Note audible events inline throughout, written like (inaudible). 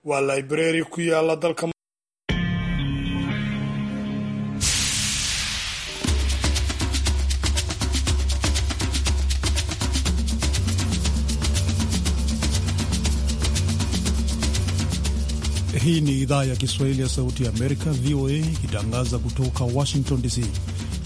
Waa library ku yaala dalka. Hii ni idhaa ya Kiswahili ya Sauti ya Amerika, VOA, ikitangaza kutoka Washington DC.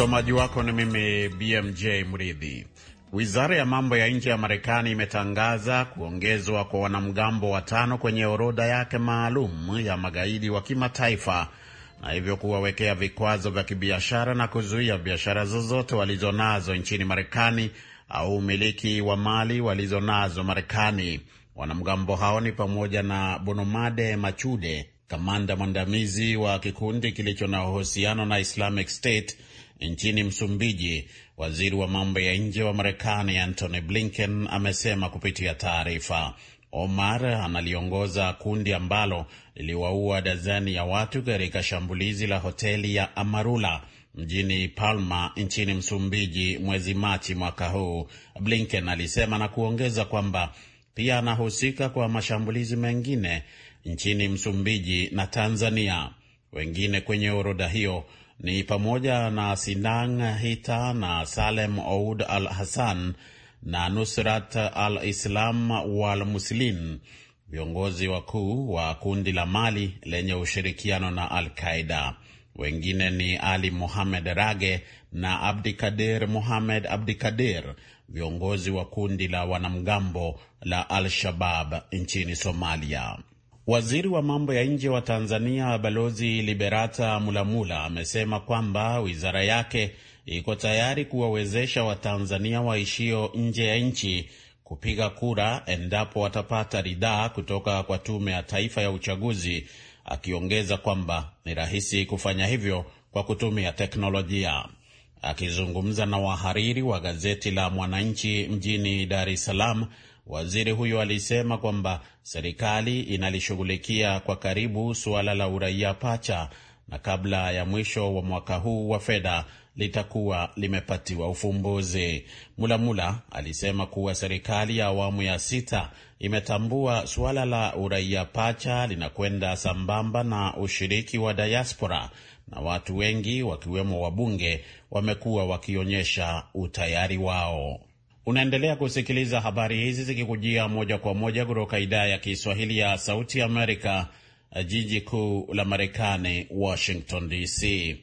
Msomaji wako ni mimi BMJ Mridhi. Wizara ya mambo ya nje ya Marekani imetangaza kuongezwa kwa wanamgambo watano kwenye orodha yake maalum ya magaidi wa kimataifa na hivyo kuwawekea vikwazo vya kibiashara na kuzuia biashara zozote walizonazo nchini Marekani au umiliki wa mali walizonazo Marekani. Wanamgambo hao ni pamoja na Bonomade Machude, kamanda mwandamizi wa kikundi kilicho na uhusiano na Islamic State Nchini Msumbiji, waziri wa mambo ya nje wa Marekani Antony Blinken amesema kupitia taarifa, Omar analiongoza kundi ambalo liliwaua dazani ya watu katika shambulizi la hoteli ya Amarula mjini Palma nchini Msumbiji mwezi Machi mwaka huu, Blinken alisema na kuongeza kwamba pia anahusika kwa mashambulizi mengine nchini Msumbiji na Tanzania. Wengine kwenye orodha hiyo ni pamoja na Sinang Hita na Salem Oud Al Hassan na Nusrat Al Islam Wal Muslim, viongozi wakuu wa kundi la Mali lenye ushirikiano na Al Qaida. Wengine ni Ali muhamed Rage na Abdikadir Mohamed Abdikadir, viongozi wa kundi la wanamgambo la Al-Shabab nchini Somalia. Waziri wa mambo ya nje wa Tanzania Balozi Liberata Mulamula amesema kwamba wizara yake iko tayari kuwawezesha Watanzania waishio nje ya nchi kupiga kura endapo watapata ridhaa kutoka kwa Tume ya Taifa ya Uchaguzi, akiongeza kwamba ni rahisi kufanya hivyo kwa kutumia teknolojia. Akizungumza na wahariri wa gazeti la Mwananchi mjini Dar es Salaam Waziri huyo alisema kwamba serikali inalishughulikia kwa karibu suala la uraia pacha na kabla ya mwisho wa mwaka huu wa fedha litakuwa limepatiwa ufumbuzi. Mulamula alisema kuwa serikali ya awamu ya sita imetambua suala la uraia pacha linakwenda sambamba na ushiriki wa diaspora, na watu wengi wakiwemo wabunge wamekuwa wakionyesha utayari wao. Unaendelea kusikiliza habari hizi zikikujia moja kwa moja kutoka idhaa ya Kiswahili ya Sauti Amerika, jiji kuu la Marekani, Washington DC.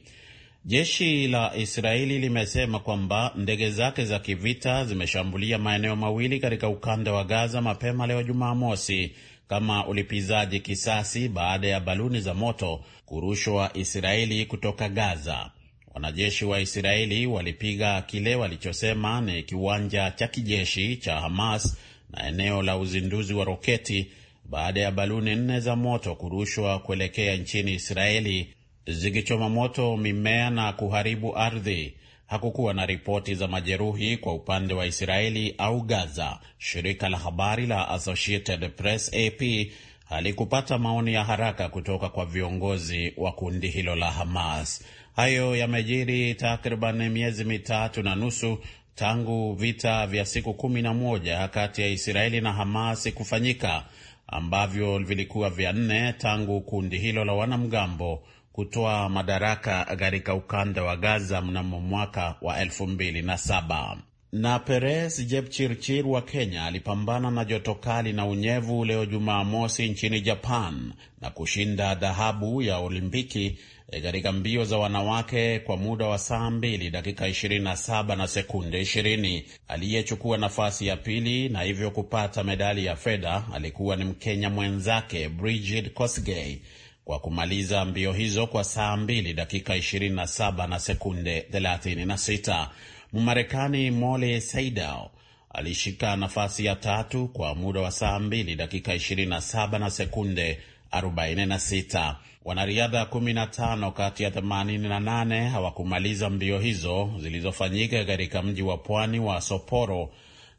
Jeshi la Israeli limesema kwamba ndege zake za kivita zimeshambulia maeneo mawili katika ukanda wa Gaza mapema leo Jumamosi kama ulipizaji kisasi baada ya baluni za moto kurushwa Israeli kutoka Gaza. Wanajeshi wa Israeli walipiga kile walichosema ni kiwanja cha kijeshi cha Hamas na eneo la uzinduzi wa roketi baada ya baluni nne za moto kurushwa kuelekea nchini Israeli zikichoma moto mimea na kuharibu ardhi. Hakukuwa na ripoti za majeruhi kwa upande wa Israeli au Gaza. Shirika la habari la Associated Press AP halikupata maoni ya haraka kutoka kwa viongozi wa kundi hilo la Hamas. Hayo yamejiri takriban miezi mitatu na nusu tangu vita vya siku kumi na moja kati ya Israeli na Hamas kufanyika ambavyo vilikuwa vya nne tangu kundi hilo la wanamgambo kutoa madaraka katika ukanda wa Gaza mnamo mwaka wa elfu mbili na saba. Na Perez Jepchirchir wa Kenya alipambana na joto kali na unyevu leo Jumamosi nchini Japan na kushinda dhahabu ya Olimpiki e, katika mbio za wanawake kwa muda wa saa 2 dakika 27 na sekunde 20. Aliyechukua nafasi ya pili na hivyo kupata medali ya fedha alikuwa ni Mkenya mwenzake Brigid Kosgei kwa kumaliza mbio hizo kwa saa 2 dakika 27 na sekunde 36. Mmarekani Molly Seidel alishika nafasi ya tatu kwa muda wa saa 2 dakika 27 na sekunde 46. Wanariadha 15 kati ya 88 hawakumaliza mbio hizo zilizofanyika katika mji wa pwani wa Sapporo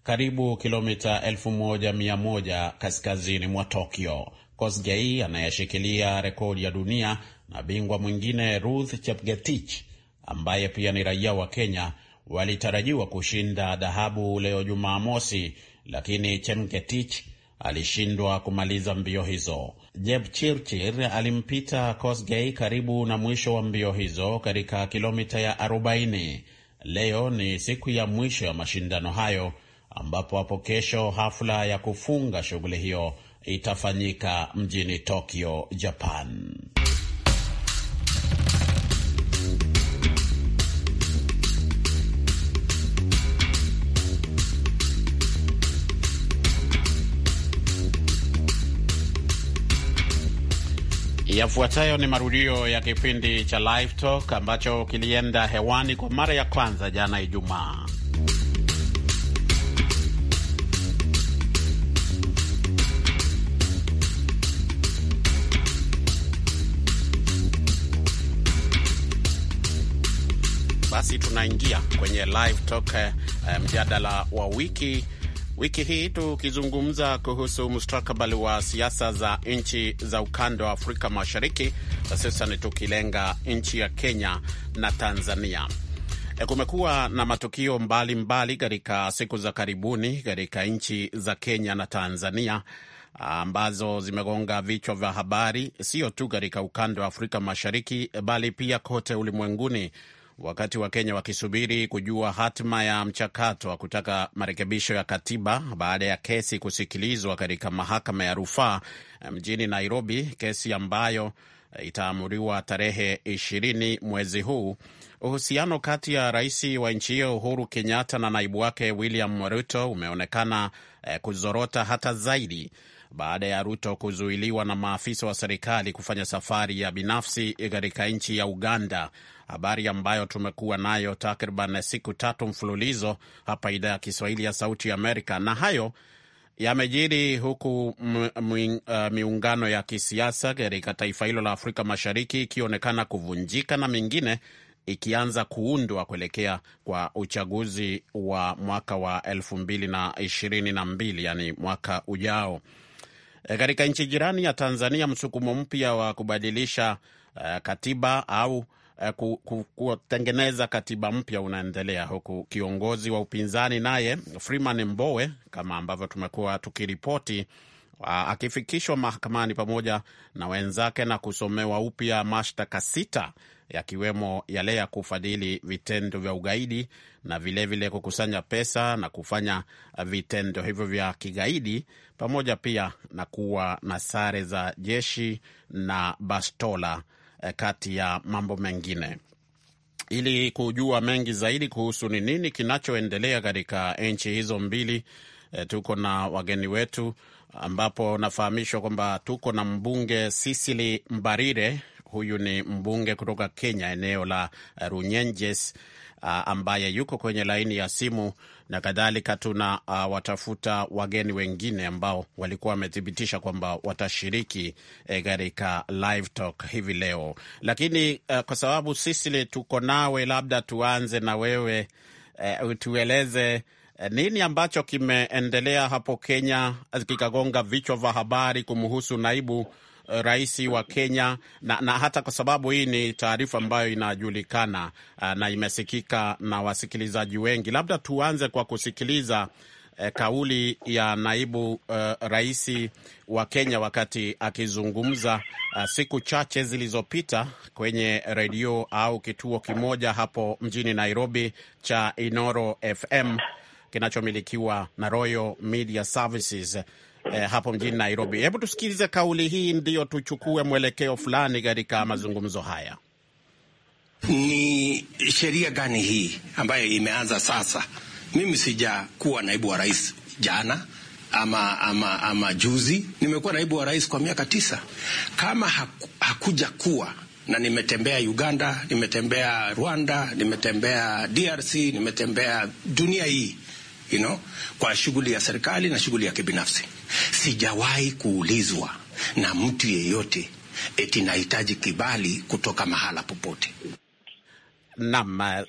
karibu kilomita 1100 kaskazini mwa Tokyo. Kosgei anayeshikilia rekodi ya dunia na bingwa mwingine Ruth Chepgetich ambaye pia ni raia wa Kenya walitarajiwa kushinda dhahabu leo Jumamosi, lakini Chemketich alishindwa kumaliza mbio hizo. Jepchirchir alimpita Kosgei karibu na mwisho wa mbio hizo katika kilomita ya 40. Leo ni siku ya mwisho ya mashindano hayo, ambapo hapo kesho hafla ya kufunga shughuli hiyo itafanyika mjini Tokyo, Japan. Yafuatayo ni marudio ya kipindi cha Live Talk ambacho kilienda hewani kwa mara ya kwanza jana Ijumaa. Basi tunaingia kwenye Live Talk, eh, mjadala um, wa wiki Wiki hii tukizungumza kuhusu mustakabali wa siasa za nchi za ukanda wa Afrika Mashariki, hususan tukilenga nchi ya Kenya na Tanzania. E, kumekuwa na matukio mbalimbali katika siku za karibuni katika nchi za Kenya na Tanzania ambazo zimegonga vichwa vya habari, sio tu katika ukanda wa Afrika Mashariki bali pia kote ulimwenguni wakati wa Kenya wakisubiri kujua hatima ya mchakato wa kutaka marekebisho ya katiba baada ya kesi kusikilizwa katika mahakama ya rufaa eh, mjini Nairobi, kesi ambayo eh, itaamuriwa tarehe ishirini mwezi huu. Uhusiano kati ya rais wa nchi hiyo Uhuru Kenyatta na naibu wake William Ruto umeonekana eh, kuzorota hata zaidi baada ya Ruto kuzuiliwa na maafisa wa serikali kufanya safari ya binafsi katika nchi ya Uganda habari ambayo tumekuwa nayo takriban siku tatu mfululizo hapa idhaa ya Kiswahili ya Sauti ya Amerika, na hayo yamejiri huku uh, miungano ya kisiasa katika taifa hilo la Afrika Mashariki ikionekana kuvunjika na mingine ikianza kuundwa kuelekea kwa uchaguzi wa mwaka wa elfu mbili na ishirini na mbili yani mwaka ujao. E, katika nchi jirani ya Tanzania, msukumo mpya wa kubadilisha uh, katiba au Eh, kutengeneza katiba mpya unaendelea, huku kiongozi wa upinzani naye Freeman Mbowe, kama ambavyo tumekuwa tukiripoti, ah, akifikishwa mahakamani pamoja na wenzake na kusomewa upya mashtaka sita yakiwemo yale ya kufadhili vitendo vya ugaidi na vilevile vile kukusanya pesa na kufanya vitendo hivyo vya kigaidi pamoja pia na kuwa na sare za jeshi na bastola Eh, kati ya mambo mengine. Ili kujua mengi zaidi kuhusu ni nini kinachoendelea katika nchi hizo mbili, eh, tuko na wageni wetu, ambapo nafahamishwa kwamba tuko na mbunge Sisili Mbarire. Huyu ni mbunge kutoka Kenya, eneo la Runyenjes, ah, ambaye yuko kwenye laini ya simu na kadhalika. Tuna uh, watafuta wageni wengine ambao walikuwa wamethibitisha kwamba watashiriki eh, katika e, live talk hivi leo, lakini uh, kwa sababu sisi tuko nawe, labda tuanze na wewe uh, eh, tueleze eh, nini ambacho kimeendelea hapo Kenya kikagonga vichwa vya habari kumhusu naibu rais wa Kenya na, na hata kwa sababu hii ni taarifa ambayo inajulikana uh, na imesikika na wasikilizaji wengi, labda tuanze kwa kusikiliza eh, kauli ya naibu eh, rais wa Kenya wakati akizungumza eh, siku chache zilizopita kwenye redio au kituo kimoja hapo mjini Nairobi cha Inoro FM kinachomilikiwa na Royal Media Services eh, hapo mjini Nairobi. Hebu tusikilize kauli hii, ndiyo tuchukue mwelekeo fulani katika mazungumzo haya. Ni sheria gani hii ambayo imeanza sasa? Mimi sijakuwa naibu wa rais jana ama, ama, ama juzi. Nimekuwa naibu wa rais kwa miaka tisa. Kama haku, hakuja kuwa na nimetembea Uganda, nimetembea Rwanda, nimetembea DRC, nimetembea dunia hii you know, kwa shughuli ya serikali na shughuli ya kibinafsi. Sijawahi kuulizwa na mtu yeyote eti nahitaji kibali kutoka mahala popote. Naam, uh,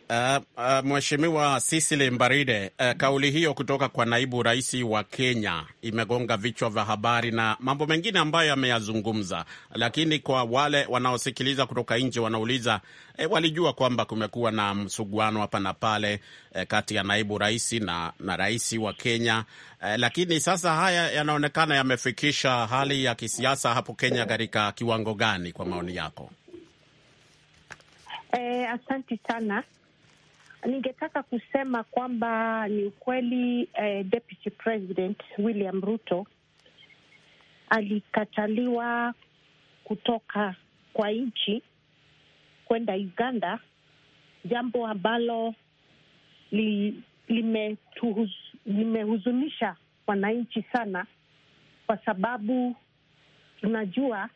uh, Mheshimiwa Sisili Mbaride, uh, kauli hiyo kutoka kwa naibu rais wa Kenya imegonga vichwa vya habari na mambo mengine ambayo ameyazungumza, lakini kwa wale wanaosikiliza kutoka nje wanauliza eh, walijua kwamba kumekuwa na msuguano hapa na pale eh, kati ya naibu rais na, na rais wa Kenya eh, lakini sasa haya yanaonekana yamefikisha hali ya kisiasa hapo Kenya katika kiwango gani, kwa maoni yako? E, eh, asanti sana. Ningetaka kusema kwamba ni ukweli eh, Deputy President William Ruto alikataliwa kutoka kwa nchi kwenda Uganda, jambo ambalo li, limehuz, limehuzunisha wananchi sana, kwa sababu tunajua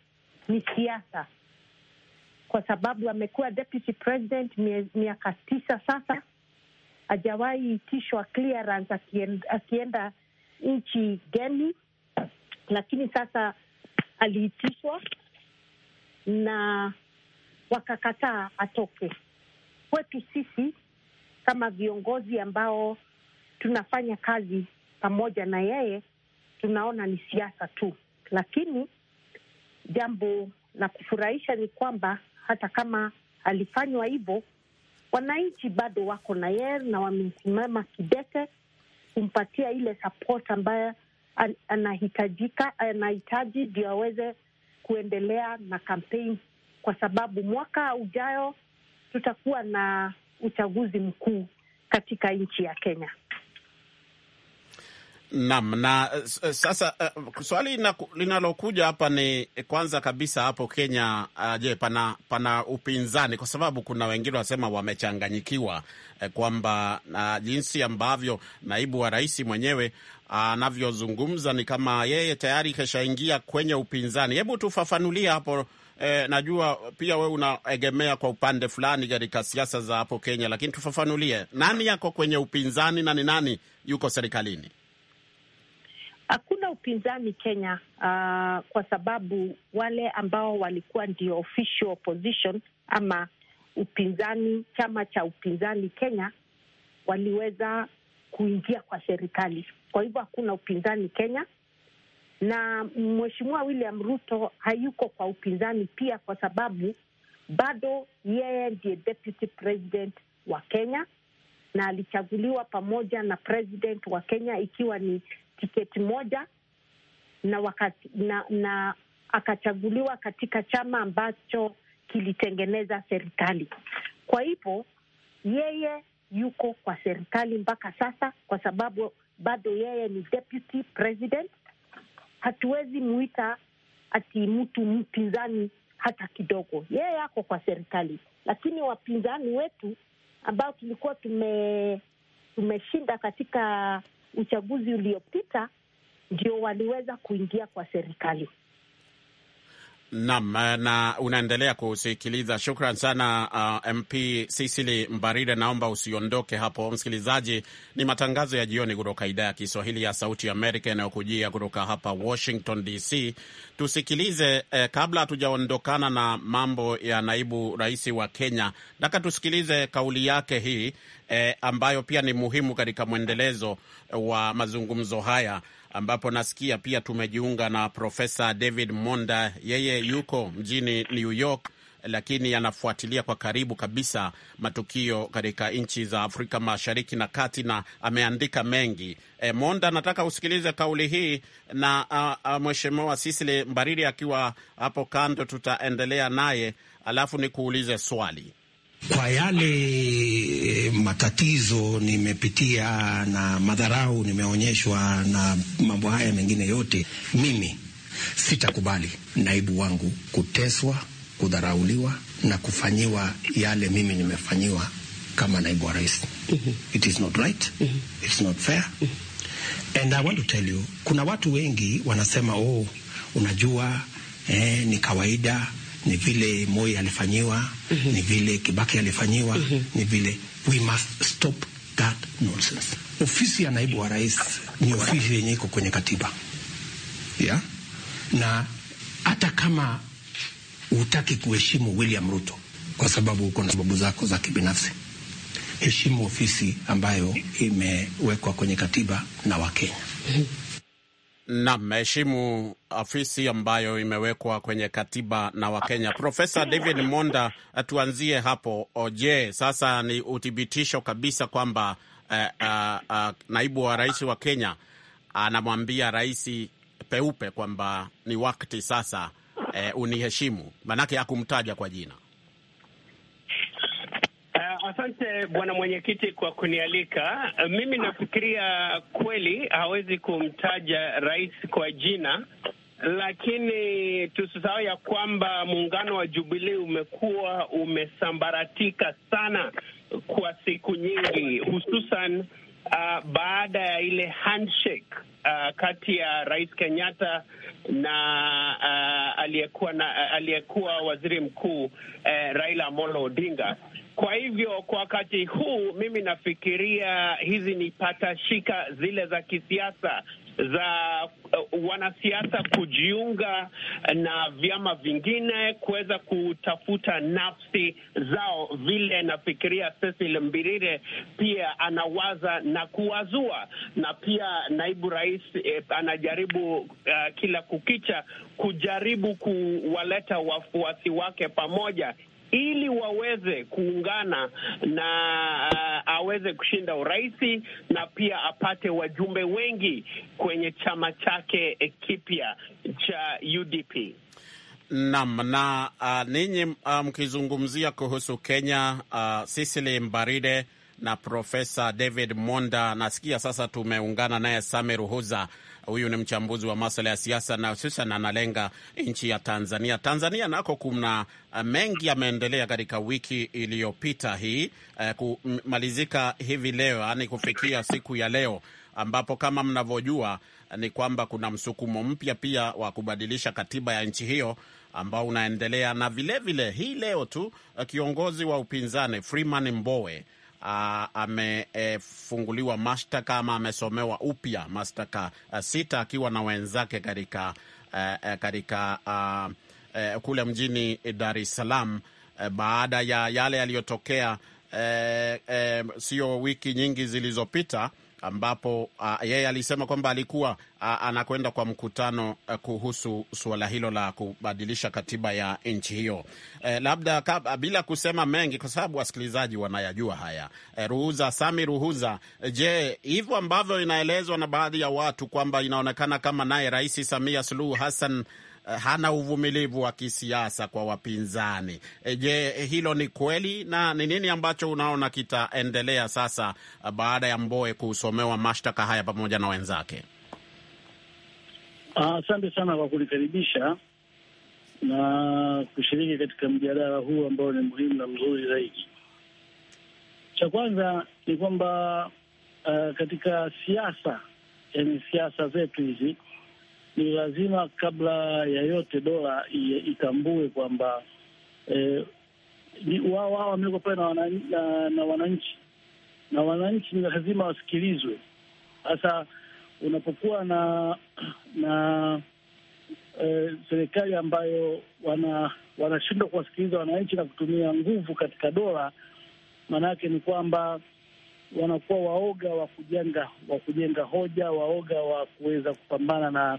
ni siasa kwa sababu amekuwa deputy president miaka tisa sasa, hajawahi itishwa clearance akienda, akienda nchi geni, lakini sasa aliitishwa na wakakataa atoke. Kwetu sisi kama viongozi ambao tunafanya kazi pamoja na yeye, tunaona ni siasa tu, lakini jambo la kufurahisha ni kwamba hata kama alifanywa hivyo, wananchi bado wako na yeye na wamesimama kidete kumpatia ile support ambayo anahitajika anahitaji ndio aweze kuendelea na kampeni, kwa sababu mwaka ujayo tutakuwa na uchaguzi mkuu katika nchi ya Kenya. Naam, na eh, sasa uh, swali linalokuja hapa ni eh, kwanza kabisa hapo Kenya uh, je, pana, pana upinzani? Kwa sababu kuna wengine wanasema wamechanganyikiwa eh, kwamba uh, jinsi ambavyo naibu wa rais mwenyewe anavyozungumza uh, ni kama yeye tayari kashaingia kwenye upinzani. Hebu tufafanulia hapo eh, najua pia we unaegemea kwa upande fulani katika siasa za hapo Kenya, lakini tufafanulie nani yako kwenye upinzani na ni nani yuko serikalini? Hakuna upinzani Kenya uh, kwa sababu wale ambao walikuwa ndio official opposition ama upinzani, chama cha upinzani Kenya waliweza kuingia kwa serikali. Kwa hivyo hakuna upinzani Kenya, na mheshimiwa William Ruto hayuko kwa upinzani pia, kwa sababu bado yeye ndiye deputy president wa Kenya na alichaguliwa pamoja na president wa Kenya ikiwa ni tiketi moja na, wakati, na, na akachaguliwa katika chama ambacho kilitengeneza serikali. Kwa hivyo yeye yuko kwa serikali mpaka sasa, kwa sababu bado yeye ni deputy president. Hatuwezi muita ati mtu mpinzani hata kidogo, yeye ako kwa serikali. Lakini wapinzani wetu ambao tulikuwa tume tumeshinda katika uchaguzi uliopita ndio waliweza kuingia kwa serikali. Naam, eh, na unaendelea kusikiliza. Shukran sana uh, eh, MP Sisili Mbarire, naomba usiondoke hapo. Msikilizaji, ni matangazo ya jioni kutoka idhaa ya Kiswahili ya Sauti Amerika yanayokujia kutoka hapa Washington DC. Tusikilize eh, kabla hatujaondokana na mambo ya naibu rais wa Kenya, nataka tusikilize kauli yake hii eh, ambayo pia ni muhimu katika mwendelezo wa mazungumzo haya ambapo nasikia pia tumejiunga na Profesa David Monda. Yeye yuko mjini New York, lakini anafuatilia kwa karibu kabisa matukio katika nchi za Afrika Mashariki na Kati na ameandika mengi. E, Monda, nataka usikilize kauli hii na mheshimiwa Sisili Mbariri akiwa hapo kando, tutaendelea naye alafu nikuulize swali. Kwa yale eh, matatizo nimepitia na madharau nimeonyeshwa na mambo haya mengine yote, mimi sitakubali naibu wangu kuteswa, kudharauliwa na kufanyiwa yale mimi nimefanyiwa kama naibu wa rais. mm -hmm. It is not right. mm -hmm. It's not fair. mm -hmm. And I want to tell you, kuna watu wengi wanasema oh, unajua eh, ni kawaida ni vile Moi alifanyiwa, mm -hmm. ni vile Kibaki alifanyiwa, mm -hmm. ni vile we must stop that nonsense. Ofisi ya naibu wa rais ni ofisi yenye iko kwenye katiba yeah? na hata kama hutaki kuheshimu William Ruto kwa sababu uko na sababu zako za kibinafsi, heshimu ofisi ambayo imewekwa kwenye katiba na Wakenya. Mhm nam mheshimu afisi ambayo imewekwa kwenye katiba na Wakenya. Profesa David Monda, tuanzie hapo. Je, sasa ni uthibitisho kabisa kwamba uh, uh, uh, naibu wa rais wa Kenya anamwambia rais peupe kwamba ni wakati sasa, uh, uniheshimu, manake hakumtaja kwa jina. Asante bwana mwenyekiti kwa kunialika. Mimi nafikiria kweli hawezi kumtaja rais kwa jina, lakini tusisahau ya kwamba muungano wa jubilii umekuwa umesambaratika sana kwa siku nyingi, hususan uh, baada ya ile handshake uh, kati ya rais Kenyatta na uh, aliyekuwa na aliyekuwa waziri mkuu uh, Raila Amolo Odinga kwa hivyo kwa wakati huu mimi nafikiria hizi ni patashika zile za kisiasa za uh, wanasiasa kujiunga na vyama vingine kuweza kutafuta nafsi zao. Vile nafikiria Cecil Mbirire pia anawaza na kuwazua, na pia naibu rais eh, anajaribu uh, kila kukicha kujaribu kuwaleta wafuasi wake pamoja ili waweze kuungana na uh, aweze kushinda urais na pia apate wajumbe wengi kwenye chama chake eh, kipya cha UDP. Naam, na uh, ninyi uh, mkizungumzia kuhusu Kenya uh, Sisili Mbaride na Profesa David Monda, nasikia sasa tumeungana naye Same Ruhuza Huyu ni mchambuzi wa masuala ya siasa na hususan analenga nchi ya Tanzania. Tanzania nako kuna eh, mengi yameendelea katika wiki iliyopita hii eh, kumalizika hivi leo, yaani kufikia siku ya leo ambapo kama mnavyojua eh, ni kwamba kuna msukumo mpya pia wa kubadilisha katiba ya nchi hiyo ambao unaendelea, na vilevile vile, hii leo tu eh, kiongozi wa upinzani Freeman Mbowe Ah, amefunguliwa mashtaka ama amesomewa upya mashtaka ah, sita akiwa na wenzake katika ah, eh, katika eh, kule mjini Dar es Salaam eh, baada ya yale yaliyotokea sio wiki nyingi zilizopita ambapo uh, yeye alisema kwamba alikuwa uh, anakwenda kwa mkutano uh, kuhusu suala hilo la kubadilisha katiba ya nchi hiyo. Eh, labda kab, ah, bila kusema mengi, kwa sababu wasikilizaji wanayajua haya. Eh, Ruhuza Sami Ruhuza, eh, je, hivyo ambavyo inaelezwa na baadhi ya watu kwamba inaonekana kama naye Rais Samia Suluhu Hassan Eh, hana uvumilivu wa kisiasa kwa wapinzani. Eh, je, hilo ni kweli na ni nini ambacho unaona kitaendelea sasa eh, baada ya Mboe kusomewa mashtaka haya pamoja na wenzake? Ah, asante ah, sana kwa kunikaribisha na kushiriki katika mjadala huu ambao ni muhimu na mzuri zaidi. Cha kwanza ni kwamba uh, katika siasa, yani siasa zetu hizi ni lazima kabla ya yote dola itambue kwamba eh, wao wao wamewekwa pale na wananchi na, na wananchi na wananchi ni lazima wasikilizwe. Sasa unapokuwa na na eh, serikali ambayo wana wanashindwa kuwasikiliza wananchi na kutumia nguvu katika dola, maana yake ni kwamba wanakuwa waoga wa kujenga wa kujenga hoja, waoga wa kuweza kupambana na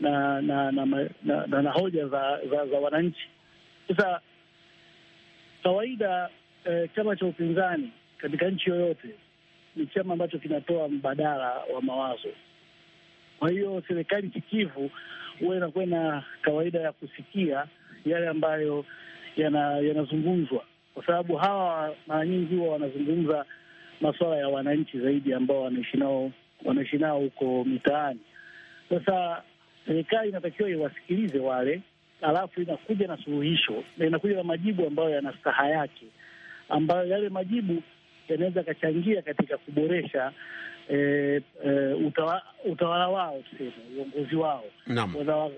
na na na, na, na, na, na hoja za, za, za wananchi. Sasa kawaida eh, chama cha upinzani katika nchi yoyote ni chama ambacho kinatoa mbadala wa mawazo. Kwa hiyo serikali kikivu huwa inakuwa na kawaida ya kusikia yale ambayo yanazungumzwa yana, kwa sababu hawa mara nyingi huwa wanazungumza masuala ya wananchi zaidi ambao wanaishi nao wanaishi nao huko mitaani. Sasa serikali inatakiwa iwasikilize wale, alafu inakuja na suluhisho na inakuja na majibu ambayo yana staha yake, ambayo yale majibu yanaweza akachangia katika kuboresha E, e, utawa, utawala wao tuseme uongozi wao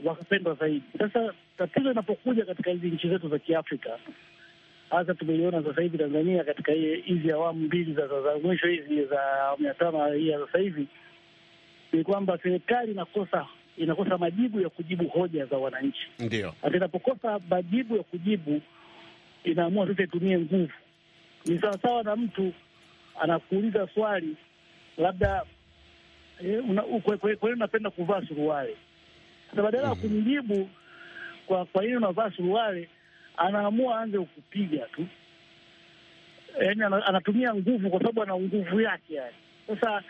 wakapendwa zaidi. Sasa tatizo inapokuja katika hizi nchi zetu za Kiafrika, hasa tumeliona sasa hivi Tanzania katika hizi awamu mbili za mwisho hizi za awamu ya tano hii ya sasa hivi, ni kwamba serikali inakosa inakosa majibu ya kujibu hoja za wananchi. Ndio hata inapokosa majibu ya kujibu, inaamua sasa itumie nguvu. Ni sawasawa na mtu anakuuliza swali labda, eh, kwa nini unapenda kuvaa suruali? Sasa badala ya mm. kumjibu kwa kwa nini unavaa suruali, anaamua aanze kupiga tu, yaani anatumia nguvu, kwa sababu ana nguvu yake yani sasa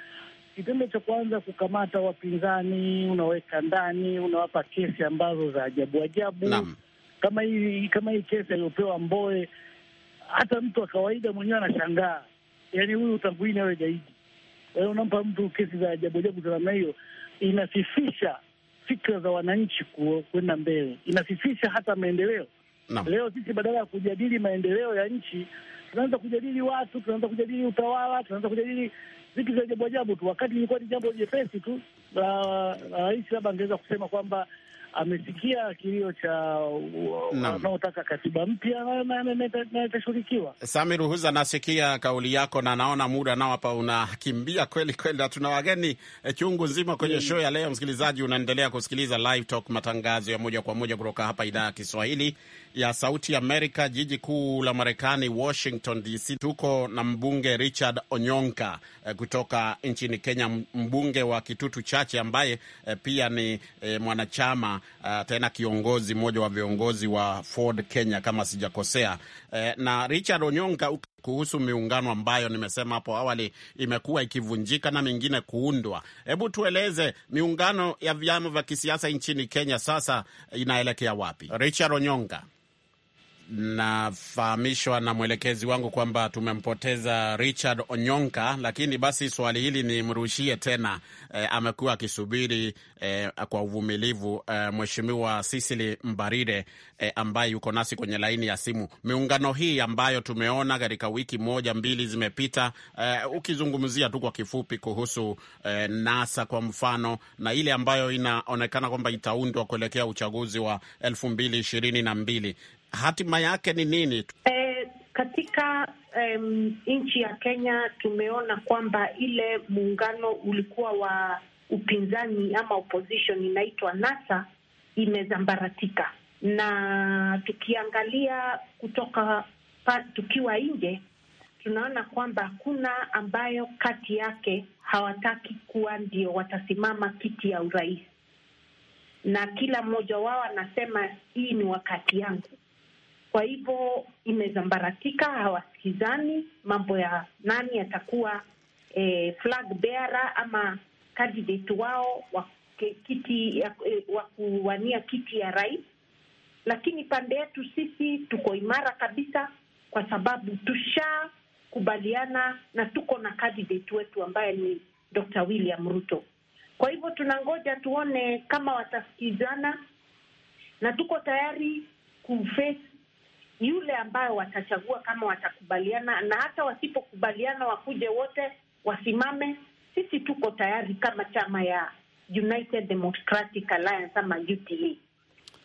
kitendo cha kwanza kukamata wapinzani, unaweka ndani, unawapa kesi ambazo za ajabu ajabu Nam. kama hii kama hii kesi aliyopewa Mboe, hata mtu wa kawaida mwenyewe anashangaa, yaani huyu utambuini awe gaidi. Kwa hiyo unampa mtu kesi za ajabu ajabu za namna hiyo, inafifisha fikra za wananchi kwenda mbele, inafifisha hata maendeleo. Nam. Leo sisi badala ya kujadili maendeleo ya nchi tunaanza kujadili watu, tunaanza kujadili utawala, tunaanza kujadili vitu vya ajabu ajabu tu, wakati ilikuwa ni jambo jepesi tu. Rais labda angeweza kusema kwamba amesikia kilio cha wanaotaka katiba mpya na itashughulikiwa. Sami Ruhuza, nasikia kauli yako na naona muda nao hapa unakimbia kweli kweli, na tuna wageni chungu eh, nzima kwenye mm. show ya leo. Msikilizaji, unaendelea kusikiliza Live Talk, matangazo ya moja kwa moja kutoka hapa idhaa ya Kiswahili ya Sauti Amerika, jiji kuu la Marekani, Washington DC. Tuko na mbunge Richard Onyonka eh, kutoka nchini Kenya, mbunge wa Kitutu Chache ambaye eh, pia ni mwanachama uh, tena kiongozi mmoja wa viongozi wa Ford Kenya kama sijakosea. Eh, na Richard onyonga kuhusu miungano ambayo nimesema hapo awali imekuwa ikivunjika na mingine kuundwa. Hebu tueleze miungano ya vyama vya kisiasa nchini Kenya sasa inaelekea wapi? Richard onyonga nafahamishwa na mwelekezi wangu kwamba tumempoteza Richard Onyonka, lakini basi swali hili nimrushie tena. E, amekuwa akisubiri e, kwa uvumilivu e, Mheshimiwa Sisili Mbarire e, ambaye yuko nasi kwenye laini ya simu. Miungano hii ambayo tumeona katika wiki moja mbili zimepita, e, ukizungumzia tu kwa kifupi kuhusu e, NASA kwa mfano na ile ambayo inaonekana kwamba itaundwa kuelekea uchaguzi wa elfu mbili ishirini na mbili hatima yake ni nini? E, katika um, nchi ya Kenya tumeona kwamba ile muungano ulikuwa wa upinzani ama opposition inaitwa NASA imezambaratika, na tukiangalia kutoka pa, tukiwa nje tunaona kwamba kuna ambayo kati yake hawataki kuwa ndio watasimama kiti ya urais, na kila mmoja wao anasema hii ni wakati yangu. Kwa hivyo imezambaratika, hawasikizani mambo ya nani atakuwa e, flag bearer ama candidate wao wa kiti ya, eh, wa kuwania kiti ya rais. Lakini pande yetu sisi tuko imara kabisa, kwa sababu tushakubaliana na tuko na candidate wetu ambaye ni Dr. William Ruto. Kwa hivyo tunangoja tuone kama watasikizana, na tuko tayari kuface yule ambayo watachagua kama watakubaliana, na hata wasipokubaliana wakuje wote wasimame. Sisi tuko tayari kama chama ya United Democratic Alliance ama UDA.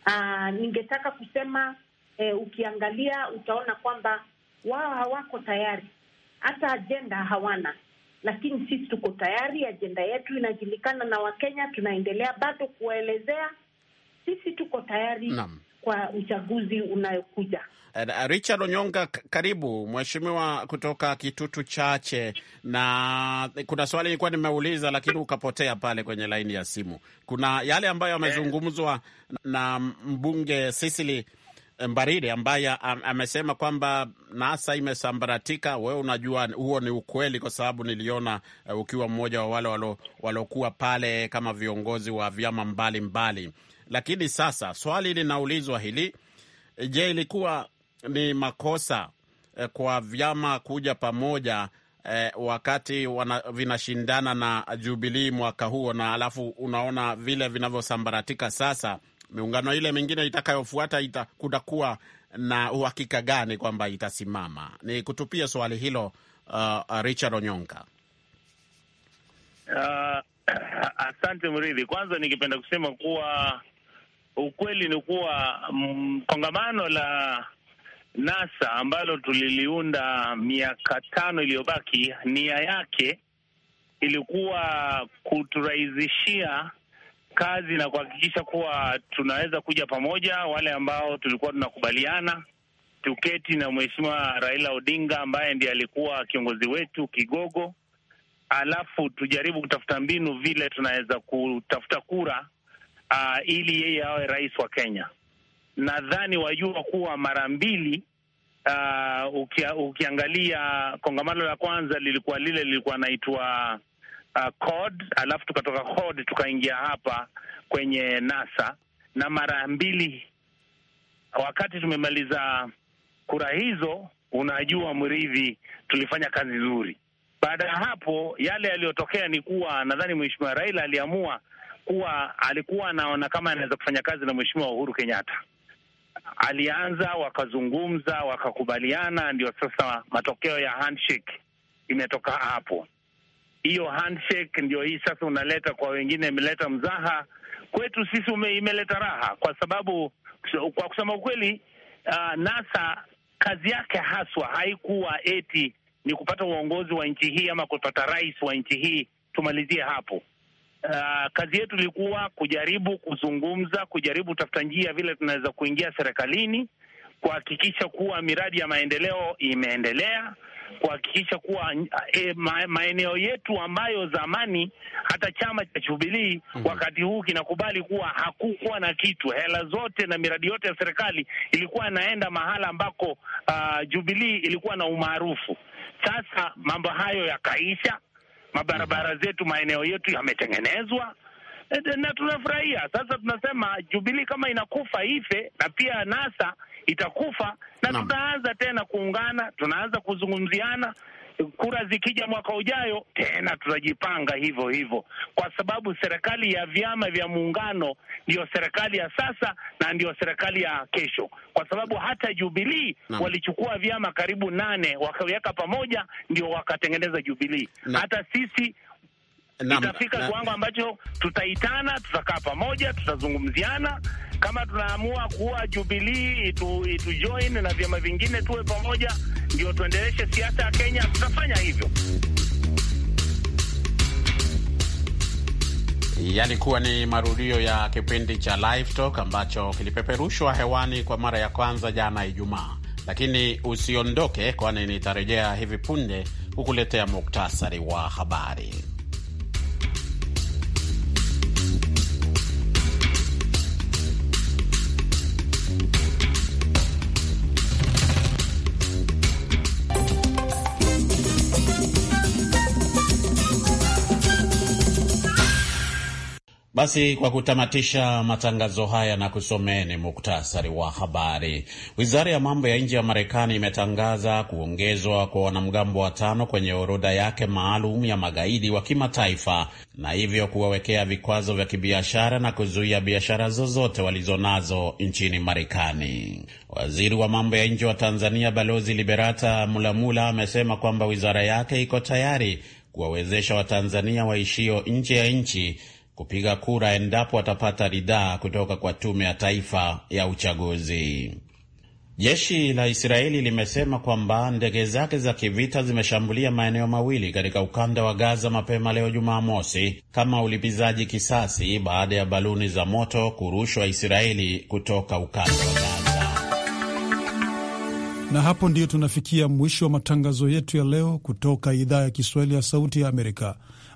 Uh, ah, ningetaka kusema eh, ukiangalia utaona kwamba wao hawako tayari, hata ajenda hawana, lakini sisi tuko tayari. Ajenda yetu inajulikana na Wakenya, tunaendelea bado kuwaelezea sisi tuko tayari Nam kwa uchaguzi unayokuja. Uh, Richard Onyonga, karibu mheshimiwa, kutoka Kitutu Chache. Na eh, kuna swali nilikuwa nimeuliza lakini ukapotea pale kwenye laini ya simu. Kuna yale ambayo yamezungumzwa na mbunge Sisili eh, Mbarire ambaye amesema kwamba NASA imesambaratika. Wewe unajua huo ni ukweli, kwa sababu niliona eh, ukiwa mmoja wa wale waliokuwa pale kama viongozi wa vyama mbalimbali mbali. Lakini sasa swali linaulizwa hili, je, ilikuwa ni makosa eh, kwa vyama kuja pamoja eh, wakati wana, vinashindana na Jubilii mwaka huo, na alafu unaona vile vinavyosambaratika sasa, miungano ile mingine itakayofuata ita, kutakuwa na uhakika gani kwamba itasimama? Ni kutupia swali hilo uh, Richard Onyonka. Uh, (coughs) asante Mridhi. Kwanza nikipenda kusema kuwa ukweli ni kuwa mm, kongamano la NASA ambalo tuliliunda miaka tano iliyobaki, nia yake ilikuwa kuturahisishia kazi na kuhakikisha kuwa tunaweza kuja pamoja wale ambao tulikuwa tunakubaliana tuketi na Mheshimiwa Raila Odinga ambaye ndiye alikuwa kiongozi wetu kigogo, alafu tujaribu kutafuta mbinu vile tunaweza kutafuta kura uh, ili yeye awe rais wa Kenya. Nadhani wajua kuwa mara mbili uh, ukia, ukiangalia kongamano la kwanza lilikuwa lile lilikuwa naitwa uh, CORD, alafu tukatoka CORD tukaingia hapa kwenye NASA na mara mbili wakati tumemaliza kura hizo, unajua Mridhi, tulifanya kazi nzuri. Baada ya hapo, yale yaliyotokea ni kuwa nadhani Mheshimiwa Raila aliamua kuwa alikuwa anaona kama anaweza kufanya kazi na mheshimiwa Uhuru Kenyatta. Alianza, wakazungumza, wakakubaliana, ndio sasa matokeo ya handshake imetoka hapo. Hiyo handshake ndio hii sasa unaleta kwa wengine, imeleta mzaha kwetu sisi ume, imeleta raha, kwa sababu kwa kusema ukweli, uh, NASA kazi yake haswa haikuwa eti ni kupata uongozi wa nchi hii ama kupata rais wa nchi hii, tumalizie hapo. Uh, kazi yetu ilikuwa kujaribu kuzungumza, kujaribu kutafuta njia vile tunaweza kuingia serikalini, kuhakikisha kuwa miradi ya maendeleo imeendelea, kuhakikisha kuwa e, ma, maeneo yetu ambayo zamani hata chama cha jubilii mm -hmm. wakati huu kinakubali kuwa hakukuwa na kitu, hela zote na miradi yote ya serikali ilikuwa inaenda mahala ambako uh, Jubilii ilikuwa na umaarufu. Sasa mambo hayo yakaisha mabarabara mhm. zetu maeneo yetu yametengenezwa eh, eh, na tunafurahia. Sasa tunasema jubilii kama inakufa ife, na pia NASA itakufa na, na tutaanza tena kuungana, tunaanza kuzungumziana kura zikija mwaka ujayo tena tutajipanga hivyo hivyo, kwa sababu serikali ya vyama vya muungano ndiyo serikali ya sasa na ndiyo serikali ya kesho, kwa sababu hata Jubilii walichukua vyama karibu nane wakaweka pamoja, ndio wakatengeneza Jubilii. Hata sisi itafika kiwango ambacho tutaitana, tutakaa pamoja, tutazungumziana kama tunaamua kuwa Jubilii itu, itu join na vyama vingine, tuwe pamoja, ndio tuendeleshe siasa ya Kenya, tutafanya hivyo. Yalikuwa ni marudio ya kipindi cha Live Talk ambacho kilipeperushwa hewani kwa mara ya kwanza jana Ijumaa, lakini usiondoke, kwani nitarejea hivi punde kukuletea muktasari wa habari. Basi kwa kutamatisha matangazo haya na kusomeni muktasari wa habari. Wizara ya mambo ya nje ya Marekani imetangaza kuongezwa kwa wanamgambo watano kwenye orodha yake maalum ya magaidi wa kimataifa na hivyo kuwawekea vikwazo vya kibiashara na kuzuia biashara zozote walizonazo nchini Marekani. Waziri wa mambo ya nje wa Tanzania Balozi Liberata Mulamula amesema kwamba wizara yake iko tayari kuwawezesha Watanzania waishio nje ya nchi kupiga kura endapo atapata ridhaa kutoka kwa tume ya taifa ya uchaguzi. Jeshi la Israeli limesema kwamba ndege zake za kivita zimeshambulia maeneo mawili katika ukanda wa Gaza mapema leo Jumamosi kama ulipizaji kisasi baada ya baluni za moto kurushwa Israeli kutoka ukanda wa Gaza. Na hapo ndiyo tunafikia mwisho wa matangazo yetu ya leo kutoka idhaa ya Kiswahili ya Sauti ya Amerika.